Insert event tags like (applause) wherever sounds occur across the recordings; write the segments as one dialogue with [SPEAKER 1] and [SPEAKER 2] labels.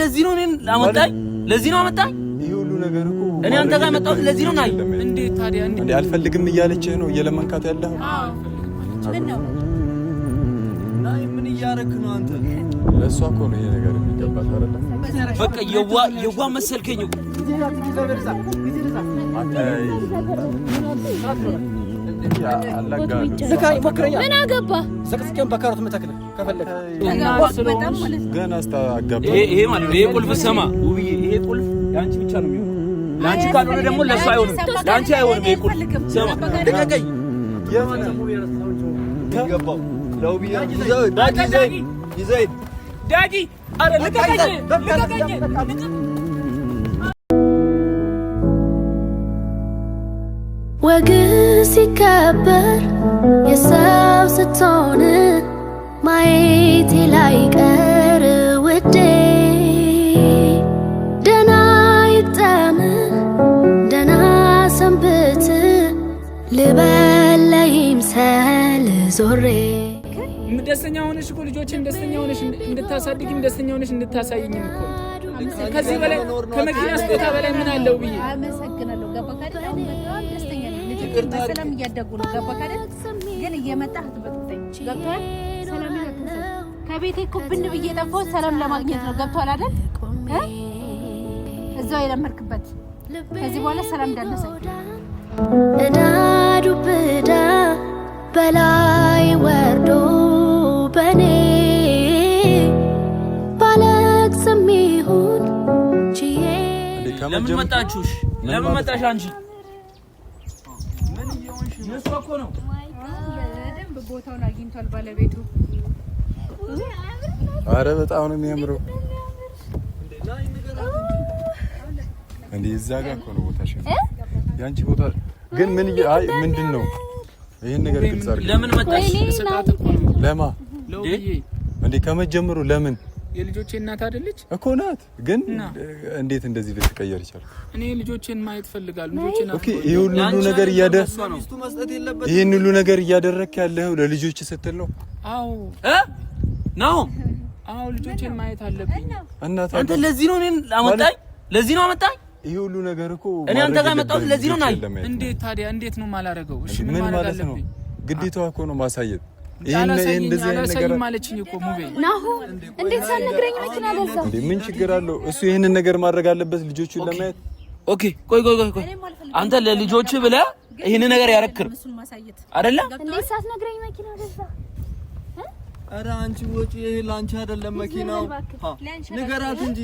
[SPEAKER 1] ለዚህ ነው እኔን አመጣኝ። ለዚህ ነው አመጣኝ።
[SPEAKER 2] ይሄ ሁሉ ነገር እኮ
[SPEAKER 1] እኔ አንተ ጋር መጣሁት ለዚህ ነው። ናይ እንዴት
[SPEAKER 2] ታዲያ እንዴ አልፈልግም እያለችህ ነው እየለመንካት ያለህ?
[SPEAKER 3] አዎ
[SPEAKER 4] ናይ ምን ነው አንተ?
[SPEAKER 2] ለእሷ እኮ ነው ይሄ ነገር የሚገባት
[SPEAKER 1] በቃ የዋ የዋ መሰልከኝ።
[SPEAKER 3] ዝካኝ ሞክረኛ ምን አገባ
[SPEAKER 1] ዘቅዝቄውን ቁልፍ ስማ ውብዬ፣ ይሄ ቁልፍ የአንቺ ብቻ ነው የሚሆነው። ለአንቺ ካልሆነ ደግሞ ለእሱ አይሆንም፣ ለአንቺ አይሆንም። ይሄ ቁልፍ ስማ ልቀቀኝ። ዳጊ ዘይድ ዳጊ ኧረ ልቀቀኝ፣ ልቀቀኝ
[SPEAKER 5] ወግ ሲከበር የሰው ስትሆን ማየቴ ላይቀር ውዴ ደና ይግጠም ደና ሰንብት ልበል ለይምሰል ዞሬ
[SPEAKER 1] ደስተኛ ሆነሽ እኮ ልጆችን ደስተኛ ሆነሽ እንድታሳድግም ደስተኛ ሆነሽ እንድታሳይኝም እኮ ከዚህ በላይ ከመኪና ስጦታ በላይ ምን አለው ብዬ
[SPEAKER 3] በሰላም እያደጉ ነው። ገባህ አይደል? ግን እየመጣህ ሰላም ከቤቴ እኮ ብን ብዬ ጠፋሁት ሰላም ለማግኘት ነው። ገብቶሃል አይደል? እዛው የለመድክበት ከዚህ በኋላ ሰላም እንዳነሳኝ
[SPEAKER 5] እዳ በላይ ወርዶ በኔ ባለቅስም ይሁን ችዬ
[SPEAKER 1] ለምን መጣችሁሽ? ለምን መጣሽ አንቺ? የእሱ እኮ ነው።
[SPEAKER 3] በደንብ ቦታውን አግኝቷል ባለቤቱ።
[SPEAKER 2] አረ በጣም ነው የሚያምረው። እንዴ እዛ ጋር እኮ ነው ቦታሽ። ያንቺ ቦታ ግን ምን አይ ምንድን ነው ይሄን ነገር ግልጽ አድርገን ለምን መጣሽ? ለማ እንዴ ከመጀመሩ ለምን
[SPEAKER 1] የልጆቼ እናት አይደለች
[SPEAKER 2] እኮ ናት። ግን እንዴት እንደዚህ ልትቀየር ይቻል?
[SPEAKER 1] እኔ ልጆቼን ማየት ፈልጋል።
[SPEAKER 2] ልጆቼን ኦኬ፣ ሁሉ ነገር እያደረክ ይሄን ሁሉ ነገር እያደረክ ያለው ለልጆች ስትል ነው?
[SPEAKER 3] አዎ ነው አዎ፣ ልጆቼን ማየት አለብኝ።
[SPEAKER 1] እናት አንተ ለዚህ ነው እኔን አመጣኝ፣ ለዚህ ነው አመጣኝ።
[SPEAKER 2] ይሄ ሁሉ ነገር እኮ
[SPEAKER 1] እኔ አንተ ጋር መጣሁት ለዚህ ነው። ናይ እንዴት ታዲያ እንዴት ነው ማላረገው?
[SPEAKER 2] እሺ ምን ማለት ነው? ግዴታዋ እኮ ነው ማሳየት ምን ችግር አለው? እሱ ይህንን ነገር ማድረግ አለበት ልጆቹን ለማየት።
[SPEAKER 1] ኦኬ ቆይ ቆይ ቆይ ቆይ፣ አንተ ለልጆቹ ብለህ ይህንን ነገር ያረክር አይደለ? እንዴት
[SPEAKER 3] መኪና
[SPEAKER 4] ኧረ አንቺ ወጪ፣ ይሄ ላንቺ አይደለም መኪናው። ንገራት እንጂ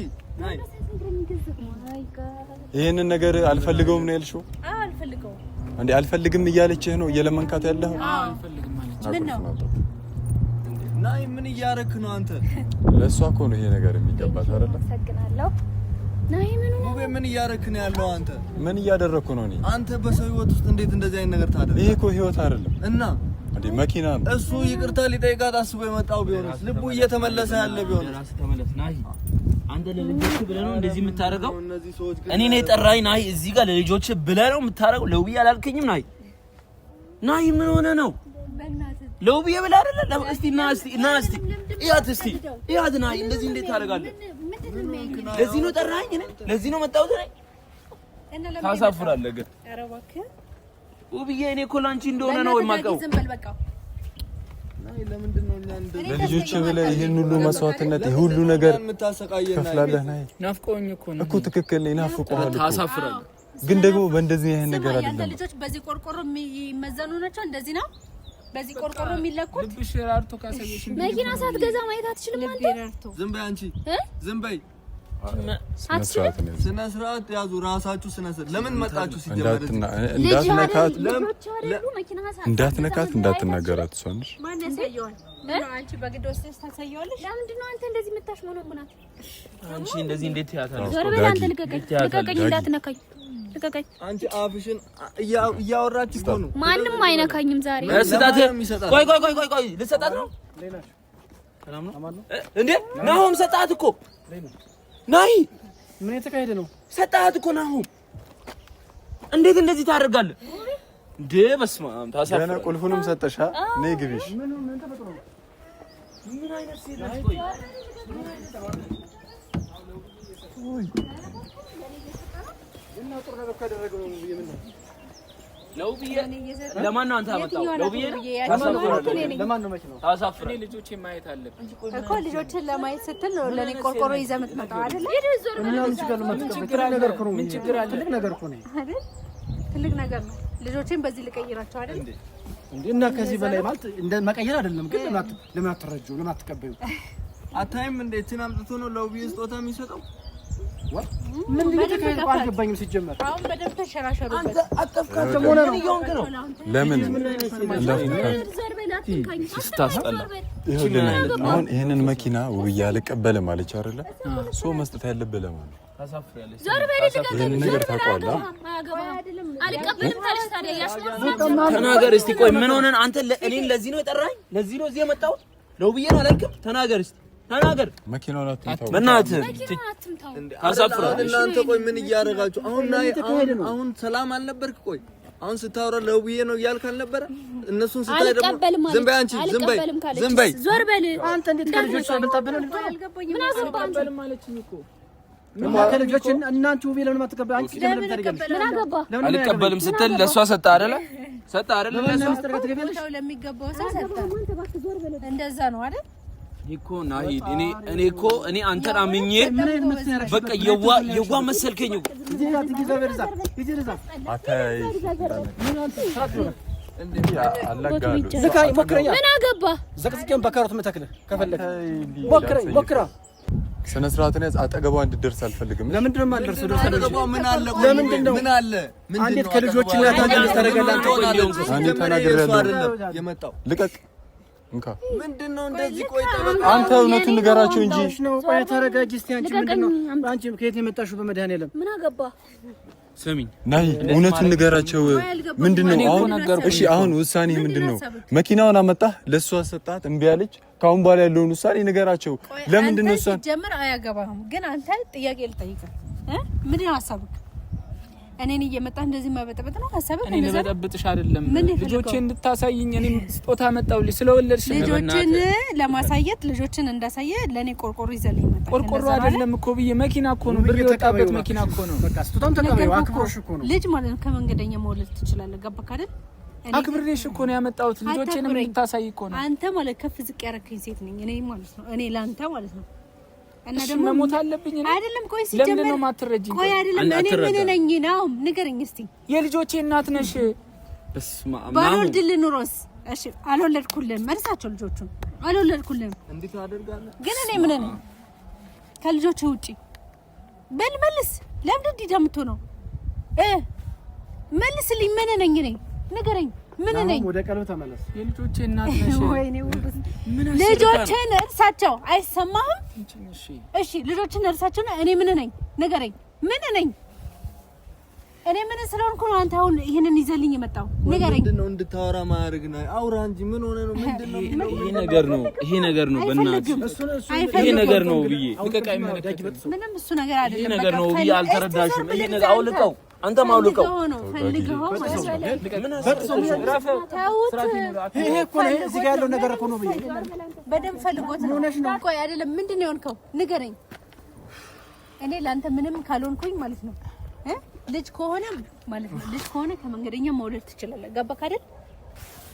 [SPEAKER 2] ይህንን ነገር አልፈልገውም ነው ያልሽው? አልፈልግም እያለችህ ነው እየለመንካት
[SPEAKER 3] አልፈልግም
[SPEAKER 4] ናይ ምን እያደረክ ነው አንተ?
[SPEAKER 2] ለእሷ እኮ ነው ይሄ ነገር የሚገባት አይደለ?
[SPEAKER 3] ናይ
[SPEAKER 4] ምን እያደረክ ነው ያለው አንተ?
[SPEAKER 2] ምን ነው እኔ?
[SPEAKER 4] አንተ በሰው ህይወት ውስጥ እንዴት እንደዚህ አይነት ነገር ታደርግ?
[SPEAKER 2] ይሄ እኮ ህይወት አይደለም እና እንዴ መኪና ነው
[SPEAKER 4] እሱ። ይቅርታ ሊጠይቃት አስቦ የመጣው ቢሆንስ ልቡ እየተመለሰ ያለ ቢሆንስ? ተመለስ
[SPEAKER 1] ናይ አንተ ለልጆች ብለህ ነው እንደዚህ የምታደርገው? እኔ ነኝ ናይ እዚህ ጋር ለልጆች ብለህ ነው የምታደርገው? ለውብዬ አላልከኝም? ናይ ናይ ምን ሆነ ነው ለውብዬ ብላ አይደለ? እስቲ ና እስቲ ና እስቲ እያት እስቲ እያት ና። እንደዚህ እንዴት ታደርጋለህ? ለዚህ ነው ጠራኸኝ? እኔ ለዚህ ነው መጣሁት? ነኝ ታሳፍራለህ። ግን ውብዬ፣ እኔ እኮ ላንቺ እንደሆነ ነው የማውቀው።
[SPEAKER 2] ለልጆች ብለህ ይህን ሁሉ መስዋዕትነት ይህ ሁሉ ነገር ከፍላለህ። ናይ
[SPEAKER 1] ናፍቆኝ እኮ
[SPEAKER 2] ነው እኮ ትክክል ነኝ። ናፍቆሃል።
[SPEAKER 1] ታሳፍራለህ።
[SPEAKER 2] ግን ደግሞ በእንደዚህ ይህን ነገር አይደለም።
[SPEAKER 3] ልጆች በዚህ ቆርቆሮ የሚመዘኑ ናቸው። እንደዚህ ነው በዚህ ቆርቆሮ የሚለኩት ልብሽ ራርቶ ካሳየሽ መኪና ሳትገዛ ማየት አትችልም።
[SPEAKER 4] አንተ ዝም በይ አንቺ ዝም በይ። ስነ ስርዓት ያዙ ራሳችሁ። ስነ ስርዓት ለምን መጣችሁ?
[SPEAKER 2] ሲጀመር እንዳትነካት እንዳትነካት እንዳትናገራት ሰንሽ
[SPEAKER 3] ማነስ ያየዋል። አንቺ በግድ ወስደሽ ታሳየዋለሽ። ለምንድን ነው አንተ እንደዚህ የምታሽ?
[SPEAKER 1] አንቺ እንደዚህ እንዴት ያታለሽ?
[SPEAKER 3] አንተ ልቀቀኝ፣ ልቀቀኝ እንዳትነካኝ
[SPEAKER 4] ልቀቀኝ። አንቺ አፍሽን እያወራች እኮ ነው።
[SPEAKER 3] ማንም አይነካኝም ዛሬ።
[SPEAKER 1] ስጣት። ቆይ ቆይ ቆይ ቆይ፣ ልትሰጣት ነው እንዴ? ናሆም ሰጣት እኮ ናይ። ምን የተካሄደ ነው? ሰጣት እኮ ናሆም። እንዴት እንደዚህ ታደርጋለህ እንዴ? በስመ አብ
[SPEAKER 2] ታሳፍራ። ቁልፉንም ሰጠሻ። ነይ ግቢሽ። ምን አይነት ሴት
[SPEAKER 1] ነው
[SPEAKER 3] ለማየት ስትል ነው ለኔ ቆርቆሮ ይዘህ
[SPEAKER 2] ከዚህ በላይ ማለት እንደ መቀየር አይደለም። ግን ለምን አትረጂው? ለምን አትቀበዩ?
[SPEAKER 4] አታይም እንዴት አምጥቶ ነው ለውብዬ ስጦታ የሚሰጠው?
[SPEAKER 1] አልገባኝም። ሲጀመር ለምን ስታስጠላ።
[SPEAKER 2] አሁን ይህንን መኪና ውብዬ አልቀበልም አለች አይደለ? ሰው መስጠት ያለብህ ነገር ታውቀዋለህ።
[SPEAKER 1] ተናገር እስኪ። ቆይ ምን ሆነን አንተ? እኔን ለዚህ ነው የጠራኸኝ? ለዚህ ነው እዚህ የመጣሁት? ለውብዬ ነው አላልክም? ተናገር እስኪ ተናገር። አትምታው፣ አትምታው።
[SPEAKER 4] ቆይ ምን እያደረጋችሁ አሁን? አሁን ሰላም አልነበርክ? ቆይ አሁን ስታወራ ለውዬ ነው እያልክ አልነበረ? እነሱን ስታይ ደግሞ ዝም በይ አንቺ፣ ዝም በይ ዝም በይ፣
[SPEAKER 3] ዞር በል
[SPEAKER 1] አንተ። እንዴት ከልጆች አልበልጣብህ ነው?
[SPEAKER 3] ምን አገባህ አንተ? ለምን አንቺ
[SPEAKER 1] ምን አልቀበልም ስትል ለእሷ ሰጠህ አይደለ? ሰጠህ አይደለ? ለሚገባው
[SPEAKER 3] ሰው ሰጠህ። እንደዛ ነው አይደል?
[SPEAKER 1] እኮ ናሂድ እኔ እኔ እኮ እኔ አንተን አምኜ በቃ የዋ የዋ መሰልከኝ።
[SPEAKER 3] ምን አገባ
[SPEAKER 1] ዘቅዝቄን በካሮት መተክለ ከፈለክ ሞክረኝ ሞክራ
[SPEAKER 2] ስነ ስርዓት ነው። አጠገቧ እንድደርስ አልፈልግም።
[SPEAKER 1] ለምንድን ነው የማልደርሰው?
[SPEAKER 4] ደርሰህ አጠገቧ ምን አለ? ለምንድን ነው ምን አለ?
[SPEAKER 1] አንዴት ከልጆች እናታ
[SPEAKER 2] ተረጋጋላችሁ። አንዴት ተናግሬያለሁ። ልቀቅ እንካ። ምንድነው እንደዚህ? ቆይ አንተ እውነቱን ንገራቸው እንጂ።
[SPEAKER 1] ቆይ ተረጋጊ እስቲ። አንቺ ምንድነው? አንቺ ከየት የመጣሽው? በመድኃኒዓለም ምን አገባ? ስሚኝ
[SPEAKER 2] ናይ እውነቱን ንገራቸው። ምንድነው አሁን? እሺ አሁን ውሳኔ ምንድነው? መኪናውን አመጣህ፣ ለእሷ ሰጣት፣ እምቢ አለች። ከአሁን በኋላ ያለውን ውሳኔ ንገራቸው። ለምንድነው
[SPEAKER 3] እሷን ጀምር? አያገባህም። ግን አንተ ጥያቄ ልጠይቅህ፣ ምንድነው ሀሳብህ? እኔን እየመጣ እንደዚህ ማበጠበጥ ነው ሀሳብህ?
[SPEAKER 1] እኔ ልበጠብጥሽ አይደለም ልጆቼ እንድታሳይኝ እኔም ስጦታ መጣሁልሽ ስለወለድሽ።
[SPEAKER 3] ልጆችን ለማሳየት ልጆችን እንዳሳየ ለእኔ ቆርቆሮ ይዘልኝ መጣ።
[SPEAKER 1] ቆርቆሮ አይደለም እኮ ብዬ መኪና እኮ ነው፣ ብር የወጣበት መኪና እኮ ነው።
[SPEAKER 3] ልጅ ማለት ነው ከመንገደኛ መውለድ ትችላለህ። ገባህ አይደል?
[SPEAKER 1] አክብሬሽ እኮ ነው ያመጣሁት። ልጆቼንም እንድታሳይ እኮ
[SPEAKER 3] ነው። አንተ ማለት ከፍ ዝቅ ያረከኝ ሴት ነኝ እኔ ማለት ነው። እኔ ለአንተ ማለት ነው
[SPEAKER 1] እና ደግሞ መሞት አለብኝ ነው
[SPEAKER 3] አይደለም? ቆይ ሲጀመር ነው ማትረጂ? ቆይ አይደለም፣ እኔ ምን ነኝ ነው ንገረኝ እስቲ።
[SPEAKER 1] የልጆቼ እናት ነሽ።
[SPEAKER 3] እሺ አልወለድኩልህም፣ መልሳቸው ልጆቹን አልወለድኩልህም። እንዴት ግን? እኔ ምን ነኝ ውጪ? በል መልስ። ለምን እንዲህ ደምቶ ነው እ መልስልኝ። ምን ነኝ ነኝ ንገረኝ ምን ነኝ? ወደ ቀልብ
[SPEAKER 1] ተመለስ። የልጆቼ እናት ነሽ። (laughs) ወይኔ
[SPEAKER 3] ውብስ ልጆቼን እርሳቸው። አይሰማህም? እሺ ልጆችን እርሳቸው። እኔ ምን ነኝ? ንገረኝ፣ ምን ነኝ? እኔ ምን ስለሆንኩ ነው አንተ አሁን ይሄንን ይዘልኝ የመጣው? ንገረኝ።
[SPEAKER 4] ምንድን ነው እንድታወራ ማድረግ ነው? አውራ እንጂ ምን ሆነ ነው? ምንድን
[SPEAKER 1] ይሄ ነገር ነው፣ ይሄ ነገር ነው። በእናትህ ይሄ ነገር ነው ብዬ ልቀቃ።
[SPEAKER 3] ምንም እሱ ነገር
[SPEAKER 1] አይደለም። ይሄ ነገር ነው ብዬ አልተረዳሽም። ይሄ ነገር አውልቀው አንተ ማውልቀው ይሄ እኮ ነው። እዚህ
[SPEAKER 3] ንገረኝ። እኔ ለአንተ ምንም ካልሆንኩኝ ማለት ነው ልጅ ከሆነ ማለት ነው ልጅ ከሆነ ከመንገደኛ መውለድ ትችላለህ። ገባህ አይደል?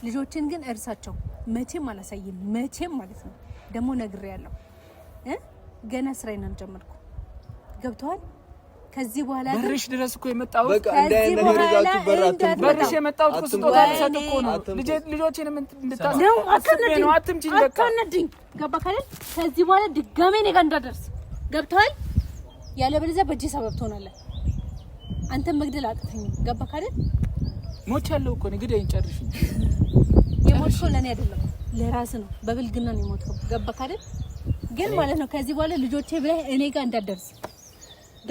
[SPEAKER 3] ልጆችን ግን እርሳቸው፣ መቼም አላሳይም። መቼም ማለት ነው ደግሞ ነግሬያለሁ። ገና ስራዬን አልጀመርኩም። ገብተዋል? ከዚህ በኋላ
[SPEAKER 1] በርሽ ድረስ እኮ የመጣሁት
[SPEAKER 4] ከዚህ በኋላ እኮ እኮ ነው።
[SPEAKER 3] ነው። ከዚህ በኋላ ድጋሜ እኔ ጋር እንዳደርስ ገብቶሃል? ያለበለዚያ በእጄ ሰበብ ትሆናለህ። አንተ መግደል አቅተኝም። ካለ አይደል?
[SPEAKER 1] ያለው እኮ ንግድ ጨርሽ።
[SPEAKER 3] የሞትከው ለእኔ አይደለም ለራስ ነው። በብልግና ነው የሞትከው። ገባህ ካለ ግን ማለት ነው ከዚህ በኋላ ልጆቼ ብለህ እኔ ጋር እንዳደርስ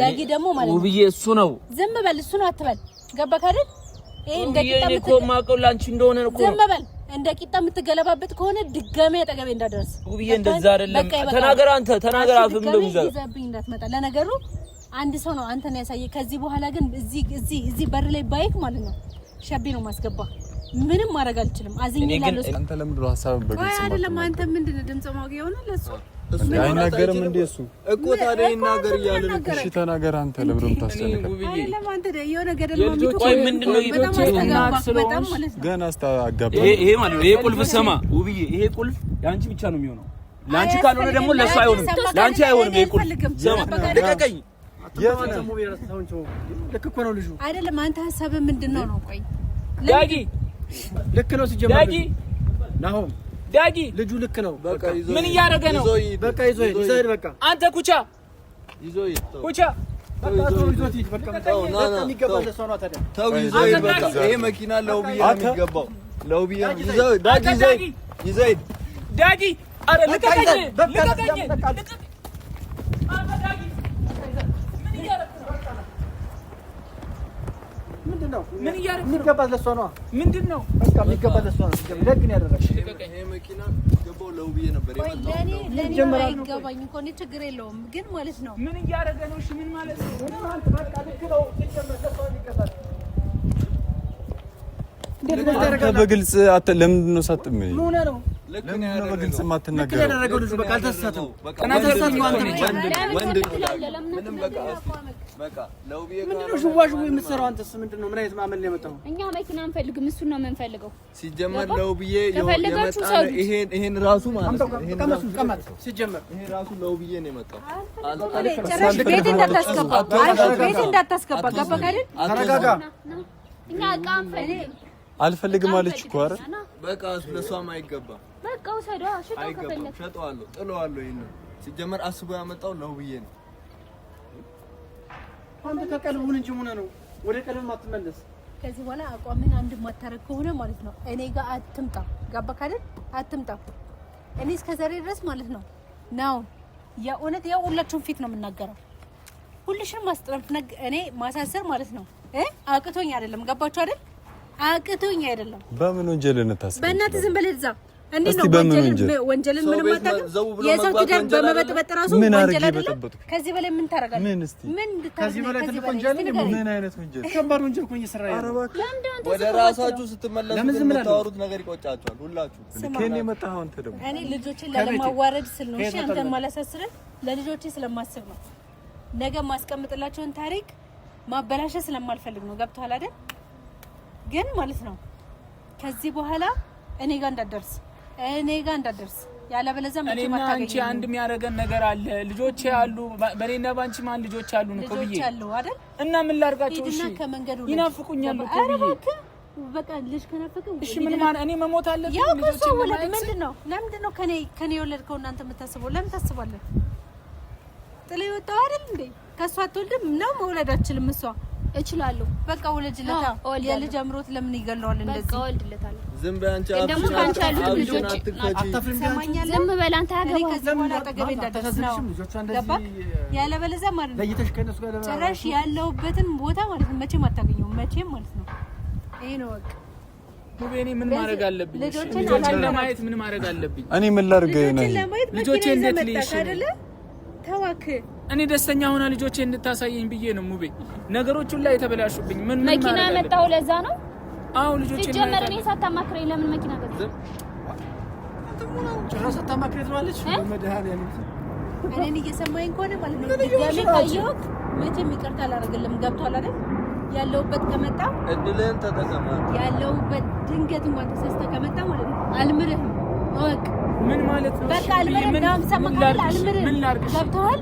[SPEAKER 3] ዳጊ ደግሞ ማለት
[SPEAKER 1] ነው ውብዬ፣ እሱ ነው።
[SPEAKER 3] ዝም በል እሱ ነው አትበል። ገባህ አይደል?
[SPEAKER 1] ይሄ እንደ ቂጣ የምትቆማቀው ላንቺ እንደሆነ እኮ
[SPEAKER 3] ዝም በል። እንደ ቂጣ የምትገለባበት ከሆነ ድጋሜ አጠገቤ እንዳደረስ።
[SPEAKER 1] ውብዬ፣ እንደዛ አይደለም። ተናገር፣ አንተ ተናገር።
[SPEAKER 3] አፍም ነው ይዘብኝ እንዳትመጣ። ለነገሩ አንድ ሰው ነው አንተ ነው ያሳየ። ከዚህ በኋላ ግን እዚህ እዚህ እዚህ በር ላይ ባይክ ማለት ነው ሸቤ ነው ማስገባ ምንም ማድረግ አልችልም። አዝኝ ይላል።
[SPEAKER 2] አንተ ለምንድን ነው ሀሳብን
[SPEAKER 3] በግልጽ አይደለም። አንተ ምንድን ነው ድምጽ ማውቂያ ሆነ ለሱ
[SPEAKER 2] አይናገርም እንዴ? እሱ
[SPEAKER 4] እኮ ታዲያ ይናገር እያለ
[SPEAKER 2] ነው። እሺ ተናገር አንተ። ለብሩም ታስጨንቀው ቁልፍ
[SPEAKER 1] ስማ ውብዬ፣ ይሄ ቁልፍ የአንቺ ብቻ ነው የሚሆነው። ለአንቺ ካልሆነ ደግሞ ለእሱ አይሆንም፣ ለአንቺ አይሆንም። ይሄ ቁልፍ ስማ፣
[SPEAKER 3] ልክ እኮ ነው ልጁ። አይደለም አንተ ሀሳብህ ምንድን ነው ነው? ቆይ
[SPEAKER 1] ዳጊ፣ ልክ ነው ሲጀመር ናሆም ዳጊ ልጁ ልክ ነው። ምን እያደረገ ነው? በቃ ይዞ ይሄድ። በቃ አንተ ኩቻ ይዞ ይሄድ። ኩቻ በቃ ነው።
[SPEAKER 2] ነው ዳጊ፣
[SPEAKER 1] ዳጊ፣ አረ ልቀቀኝ፣ ልቀቀኝ፣ ልቀቀኝ የሚገባት ለእሷ ነዋ። ምንድን ነው? በቃ የሚገባት ለእሷ ነው። ደግ ነው ያደረግሽ። ይሄ
[SPEAKER 2] መኪና ገባው ለው ብዬሽ ነበር።
[SPEAKER 3] አይገባኝም እኮ እኔ ችግር የለውም ግን ማለት ነው
[SPEAKER 1] ምን እያደረገ ነው? እሺ ምን ማለት ነው? በቃ ልክ
[SPEAKER 2] ለምንድን ነው ሳትም በግልጽ
[SPEAKER 1] የማትናገረው? ምንድን ነው ሽዋሽው የምትሰራው? አንተስ ምንድን ነው? ምን አይነት ማመን ነው የመጣው?
[SPEAKER 3] እኛ መኪና አንፈልግም፣ እሱን ነው የምንፈልገው።
[SPEAKER 2] ሲጀመር ለውብዬ ይሄን ራሱ ማለት ሲጀመር ራሱ ለውብዬ ነው የመጣው።
[SPEAKER 3] ቤት እንዳታስገባ፣ ቤት እኛ
[SPEAKER 2] አልፈልግም አለች እኮ አረ
[SPEAKER 4] በቃ ለሷም አይገባም።
[SPEAKER 3] በቃ ውሰዷ፣
[SPEAKER 4] ሽጠው ከፈለክ። ሸጠዋለሁ፣ ጥለዋለሁ። ይሄን ሲጀመር አስቦ ያመጣው ለውብዬ ነው።
[SPEAKER 1] አንተ ከቀልቡን እንጂ ሆነ ነው ወደ ቀልብ ማትመለስ።
[SPEAKER 3] ከዚህ በኋላ አቋምን አንድ ማታረግ ከሆነ ማለት ነው እኔ ጋር አትምጣ። ጋባ አይደል? አትምጣ። እኔ እስከ ዛሬ ድረስ ማለት ነው ነው የእውነት ያው ሁላችሁም ፊት ነው የምናገረው። ሁልሽንም ማስጠረፍ እኔ ማሳሰር ማለት ነው እ አቅቶኝ አይደለም ገባችሁ አይደል? አቅቶኝ አይደለም።
[SPEAKER 2] በምን ወንጀል እንታስ
[SPEAKER 3] በእናትህ ዝም በል እዛ እንዴት ነው ወንጀልን? ምንም አታውቅም። የሰው ትዳር በመበጥበጥ ራሱ ወንጀል አይደለም። ከዚህ በላይ ምን ታደርጋለህ? ምን እስቲ ምን
[SPEAKER 1] ከዚህ በላይ ትልቅ ወንጀል? ነው?
[SPEAKER 2] ምን አይነት ወንጀል?
[SPEAKER 1] ከባድ ወንጀል እኮ እየሰራ ያለው።
[SPEAKER 4] ወደ ራሳችሁ ስትመለሱ የምታወሩት ነገር ይቆጫችኋል ሁላችሁ።
[SPEAKER 2] ከኔ የመጣህ አንተ ደግሞ
[SPEAKER 3] እኔ ልጆችን ላለማዋረድ ስል ነው። እሺ አንተን ማላሳስርህ ለልጆቼ ስለማስብ ነው። ነገ ማስቀምጥላቸውን ታሪክ ማበላሸት ስለማልፈልግ ነው። ገብቶሃል አይደል? ግን ማለት ነው ከዚህ በኋላ እኔ ጋር እንዳትደርስ እኔ ጋር እንዳደርስ ያለበለዚያ
[SPEAKER 1] እኔና አንቺ አንድ የሚያደርገን ነገር አለ። ልጆች ያሉ በእኔና ባንቺ ማን ልጆች አሉ ነው ብዬ እና ምን ላድርጋቸው? እሺ ይናፍቁኛል እኮ ብዬ
[SPEAKER 3] በቃ ልጅ ከነፈቀ
[SPEAKER 1] እሺ፣ ምን ማለት እኔ መሞት አለብኝ?
[SPEAKER 3] ያው ከእሱ ወለድ ምንድን ነው? ለምንድን ነው ከኔ ከኔ የወለድከው እናንተ የምታስበው? ለምን ታስባለህ? ጥላ የወጣው አይደል እንዴ? ከእሷ አትወልድም ነው መውለድ አችልም እሷ እችላለሁ በቃ ወለጅለታ የልጅ አምሮት ለምን ይገለዋል? እንደዚህ በቃ ወልድለታለሁ።
[SPEAKER 2] ቦታ
[SPEAKER 3] ማለት ነው መቼም አታገኘውም። መቼም ማለት ነው ይሄ ነው
[SPEAKER 1] በቃ ምን ማድረግ አለብኝ? ልጆችን ለማየት ምን ማድረግ አለብኝ? እኔ ምን ላድርግ? ልጆቼ እንዴት ተዋክ እኔ ደስተኛ ሆና ልጆቼ እንድታሳየኝ ብዬ ነው። ሙቤ ነገሮቹን ላይ የተበላሹብኝ ምን
[SPEAKER 3] መኪና ያመጣው ለዛ ነው። አዎ ልጆቼ ሲጀመር እኔ ሳታማክረኝ ለምን መኪና ገዛ?
[SPEAKER 1] ሳታማክረኝ መድኃኒዓለም
[SPEAKER 3] እኔን ከሆነ ማለት ነው መቼም ይቅርታ አላደርግልም። ገብቷል አይደል? ያለውበት ከመጣ ተጠቀማ። ያለውበት ድንገት እንኳን ተሳስተ ከመጣ ማለት ነው አልምርህም። ወቅ
[SPEAKER 1] ምን ማለት ነው?
[SPEAKER 3] በቃ አልምርህም። ዳም ሰማካል ገብቶሃል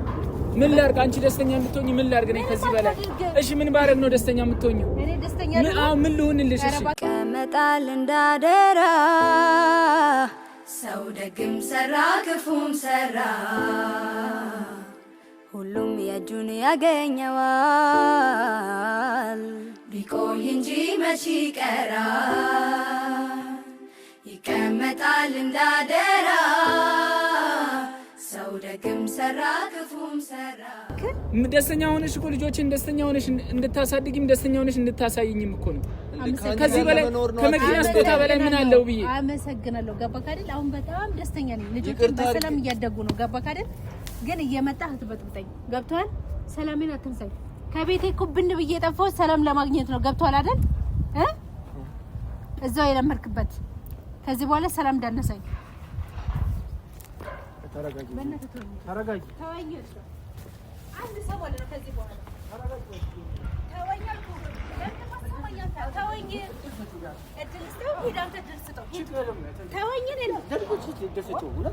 [SPEAKER 1] ምን ላድርግ? አንቺ ደስተኛ እንድትሆኝ ምን ላድርግ? ነኝ ከዚህ በላይ እሺ፣ ምን ባረግ ነው ደስተኛ የምትሆኝ? ምን ልሁንልሽ? እሺ፣ ቀመጣል እንዳደራ ሰው ደግም ሰራ ክፉም ሰራ ሁሉም የእጁን ያገኘዋል። ቢቆይ እንጂ መች ይቀመጣል እንዳደራ ደስተኛ ሆነሽ እኮ ልጆችን ደስተኛ ሆነሽ እንድታሳድጊም ደስተኛ ሆነሽ እንድታሳይኝም እኮ ነው። ከዚህ በላይ ከመኪና ስጦታ በላይ ምን አለው ብዬ
[SPEAKER 3] አመሰግናለሁ። ገባክ አይደል? አሁን በጣም ደስተኛ ነኝ። ልጆችን በሰላም እያደጉ ነው። ገባክ አይደል? ግን እየመጣ ህትበጥብጠኝ ገብቶሃል? ሰላሜን አትንሳይ። ከቤቴ እኮ ብን ብዬ የጠፋሁት ሰላም ለማግኘት ነው። ገብቶሃል አይደል? እዛው የለመድክበት ከዚህ በኋላ ሰላም እንዳነሳኝ ተረጋጊ።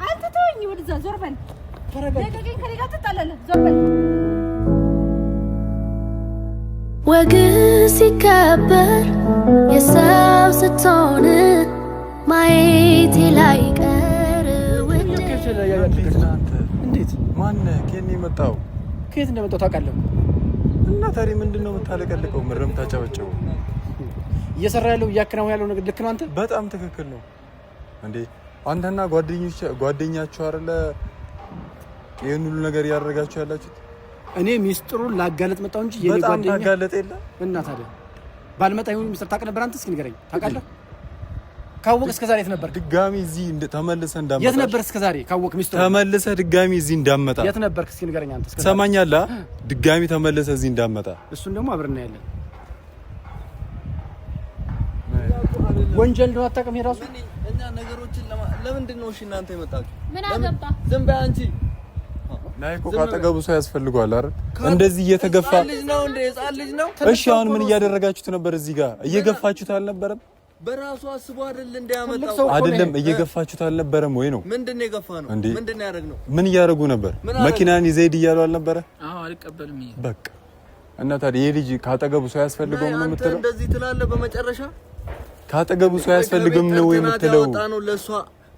[SPEAKER 3] አንተ ተወኝ። ወደዛ ዞር በል። ጋር ትጣላለህ። ዞር በል። ወግ ሲከበር
[SPEAKER 1] የሰው ስትሆን ማየቴ ላይ
[SPEAKER 2] እንዴት ማነህ? ከኔ የመጣው
[SPEAKER 1] ከየት እንደመጣው ታውቃለህ
[SPEAKER 2] እና ታዲያ ምንድን ነው የምታለቀልቀው? ምረም ታጨበጨቡ
[SPEAKER 1] እየሰራ ያለው እያከናወነ ያለው ነገር ልክ ነው። አንተ
[SPEAKER 2] በጣም ትክክል ነው እንዴ አንተና ጓደኞች ጓደኛችሁ አይደለ ይህን ሁሉ ነገር እያደረጋችሁ ያላችሁት።
[SPEAKER 1] እኔ ሚስጥሩን ላጋለጥ መጣሁ እንጂ የኔ በጣም
[SPEAKER 2] ታጋለጥ የለ
[SPEAKER 1] እና ታዲያ ባልመጣ ይሁን ሚስጥር ታውቅ ነበር አንተ? እስኪ ንገረኝ ታውቃለህ ካወቅ እስከ ዛሬ የት ነበር?
[SPEAKER 2] ድጋሚ እዚህ ተመልሰህ
[SPEAKER 1] እንዳመጣ የት ነበር? እስከ ዛሬ ካወቅ ሚስጥሩ
[SPEAKER 2] ተመልሰህ ድጋሚ እዚህ እንዳመጣ
[SPEAKER 1] የት ነበር? እስኪ ንገረኝ አንተ።
[SPEAKER 2] ሰማኛላ ድጋሚ ተመልሰህ እዚህ እንዳመጣ
[SPEAKER 1] እሱን ደግሞ አብረን እናያለን። ወንጀል ነው አታውቅም። የራሱ እኛ ነገሮችን ለምንድን ነው እሺ? እናንተ የመጣችሁ ምን አገባ? ዝም በይ አንቺ።
[SPEAKER 2] ናይኮ ካጠገቡ ሰው ያስፈልገዋል አይደል? እንደዚህ እየተገፋ
[SPEAKER 1] ልጅ ነው እንደ ህፃን ልጅ ነው።
[SPEAKER 2] እሺ አሁን ምን እያደረጋችሁት ነበር? እዚህ ጋር እየገፋችሁት አልነበረም?
[SPEAKER 1] በራሱ አስቦ አይደል እንዳያመጣው
[SPEAKER 2] አይደለም። እየገፋችሁት አልነበረም ወይ ነው?
[SPEAKER 1] ምንድን ነው የገፋ ነው? ምንድን ነው ያደረግነው?
[SPEAKER 2] ምን እያደረጉ ነበር? መኪናን ይዘህ እያሉ አልነበረ?
[SPEAKER 1] አዎ አልቀበልም። ይሄ
[SPEAKER 2] በቃ እና ታዲያ ይሄ ልጅ ካጠገቡ ሰው ያስፈልገውም
[SPEAKER 1] ነው የምትለው? እንደዚህ ትላለህ። በመጨረሻ
[SPEAKER 2] ካጠገቡ ሰው ያስፈልግም ነው ወይ የምትለው?
[SPEAKER 1] ነው ለሷ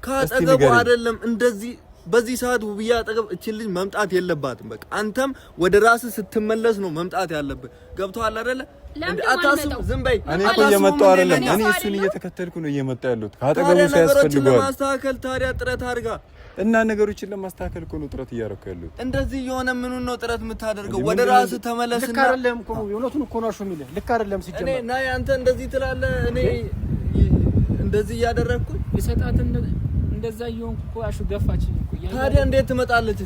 [SPEAKER 1] ካጠገቡ አይደለም እንደዚህ በዚህ ሰዓት ውብዬ አጠገብ እቺ ልጅ መምጣት የለባትም። በቃ አንተም ወደ ራስህ ስትመለስ ነው መምጣት ያለብህ። ገብቶሃል አይደለ? አታስቡ። ዝም በይ።
[SPEAKER 2] እኔ እኮ እሱን እየተከተልኩ ነው እየመጣሁ ያለሁት። ከአጠገቡ ሳያስፈልገዋል
[SPEAKER 1] ለማስተካከል ታዲያ ጥረት አድርጋ
[SPEAKER 2] እና ነገሮችን ለማስተካከል እኮ ነው ጥረት እያደረኩ ያለሁት።
[SPEAKER 1] እንደዚህ የሆነ ምኑን ነው ጥረት የምታደርገው? ወደ ራስህ ተመለስና። ልክ እኮ ነው የሚልህ ልክ አይደለም። ሲጀመር እኔ ነይ አንተ እንደዚህ ትላለህ። እኔ እንደዚህ እያደረግኩኝ የሰጣትን እንደዛ እየሆንኩ እኮ አሹ ገፋችኝ ታዲያ እንዴት ትመጣለች?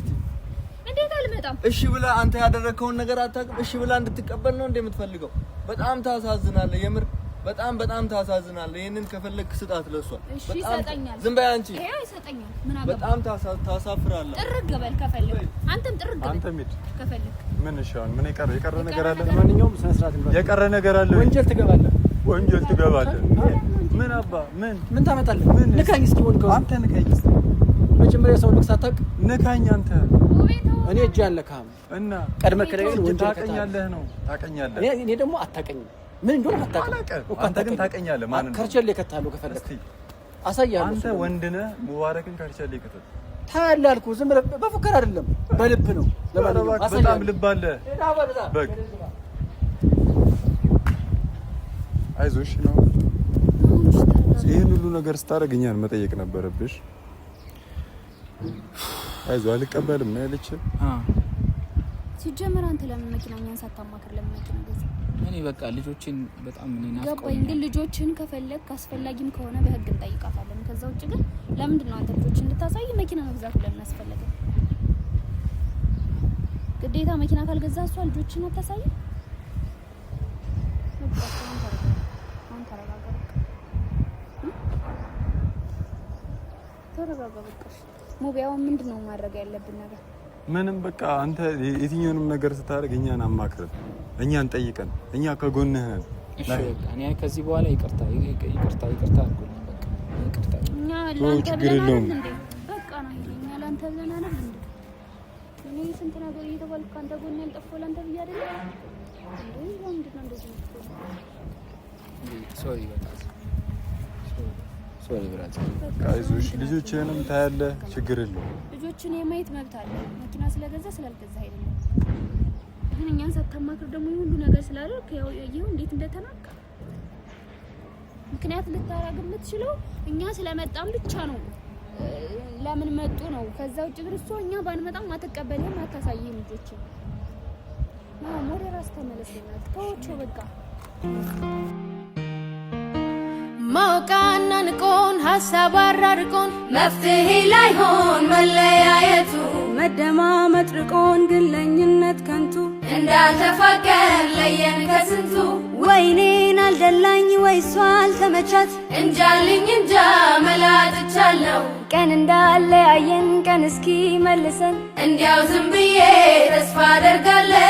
[SPEAKER 3] እንዴት አልመጣም?
[SPEAKER 1] እሺ ብላ አንተ ያደረግከውን ነገር አታውቅም። እሺ ብላ እንድትቀበል ነው እንደ የምትፈልገው። በጣም ታሳዝናለህ። የምር በጣም በጣም ታሳዝናለህ። ይህንን ከፈለግህ ስጣት ለሷ።
[SPEAKER 3] እሺ ይሰጠኛል።
[SPEAKER 1] ዝም በይ አንቺ። ይሄ
[SPEAKER 3] ይሰጠኛል። ምን አገባህ?
[SPEAKER 1] በጣም ታሳፍራለህ።
[SPEAKER 3] ጥርግ በል ከፈለግህ፣ አንተም ጥርግ በል። አንተም ሂድ ከፈለግህ።
[SPEAKER 2] ምን እሺ፣ አሁን ምን የቀረ የቀረ ነገር አለ? ማንኛውም ስነ ስርዓት ይባል። የቀረ ነገር አለ?
[SPEAKER 1] ወንጀል ትገባለህ፣
[SPEAKER 2] ወንጀል ትገባለህ። ምን አባ ምን
[SPEAKER 1] ምን ታመጣለህ? ንካኝ እስኪ ወንከው
[SPEAKER 2] አንተ ንካኝ እስኪ
[SPEAKER 1] መጀመሪያ ሰው ልክ ሳታውቅ ንካኝ አንተ እኔ እጅ ያለ አለካም እና ቀድመ ከደረግን
[SPEAKER 2] ወንድ ታቀኛለህ ነው ታቀኛለህ። እኔ
[SPEAKER 1] እኔ ደግሞ አታቀኝም፣ ምን እንደሆነ አታቀኝም።
[SPEAKER 2] አንተ ግን ታቀኛለህ።
[SPEAKER 1] ማንን ከርቸሌ እከትሃለሁ ከፈለክ አሳያለሁ።
[SPEAKER 2] አንተ ወንድ ነህ። ሙባረክን ከርቸሌ እከተል
[SPEAKER 1] ታያለህ አልኩህ። ዝም ብለህ በፉከር አይደለም በልብ ነው።
[SPEAKER 2] ለማንኛውም በጣም ልብ አለ በግ አይዞሽ ነው። ይህን ሁሉ ነገር ስታደርግ እኛን መጠየቅ ነበረብሽ። አይዞህ አልቀበልም ነው ያለችህ።
[SPEAKER 3] ሲጀመር አንተ ለምን መኪናኛን ሳታማክር ለምን መኪና ገዛ? እኔ በቃ ልጆችን በጣም እኔ ናፍቀው ገባኝ። ግን ልጆችን ከፈለግ አስፈላጊም ከሆነ በህግ እንጠይቃታለን። ከዛ ውጭ ግን ለምንድን ነው አንተ ልጆችን እንድታሳይ መኪና መግዛት ለምን አስፈለገ? ግዴታ መኪና ካልገዛ እሷ ልጆችን አታሳይ። ተረጋጋ በቃ። ሙቢያውን ምንድን ነው ማድረግ ያለብን ነገር? ምንም በቃ አንተ የትኛውንም ነገር ስታደርግ እኛን አማክረን፣ እኛን ጠይቀን፣ እኛ ከጎንህ ነን። ከዚህ በኋላ ይቅርታ ይቅርታ ይቅርታ አድርጎልኝ በቃ እኛ ነው ሶሪ ልጆችንም ታያለህ፣ ችግር የለውም። ልጆችን የማየት መብት አለ። መኪና ስለገዛ ስላልገዛ አይደለም። ግን እኛን ሳታማክር ደግሞ ሁሉ ነገር ስላደረግ ይኸው እንዴት እንደተናቀ ምክንያት ልታረግ የምትችለው እኛ ስለመጣም ብቻ ነው። ለምን መጡ ነው። ከዛ ውጭ ግን እሷ እኛ ባንመጣም አትቀበልህም፣ አታሳይህም። ልጆችን ወደ ራስ ተመለስ። ተወቸው በቃ ማወቃና ንቆን ሀሳብ አራርቆን መፍትሄ ላይሆን መለያየቱ መደማመጥ ርቆን ግለኝነት ከንቱ እንዳልተፋቀር ለየን ከስንቱ ወይኔን አልደላኝ ወይሷ አልተመቻት እንጃልኝ እንጃ መላጥቻለሁ ቀን እንዳለያየን ቀን እስኪ መልሰን እንዲያው ዝም ብዬ ተስፋ አደርጋለን